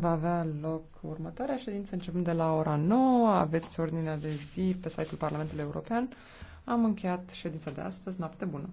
va avea loc următoarea ședință începând de la ora 9. Aveți ordinea de zi pe site-ul Parlamentului European. Am încheiat ședința de astăzi. Noapte bună!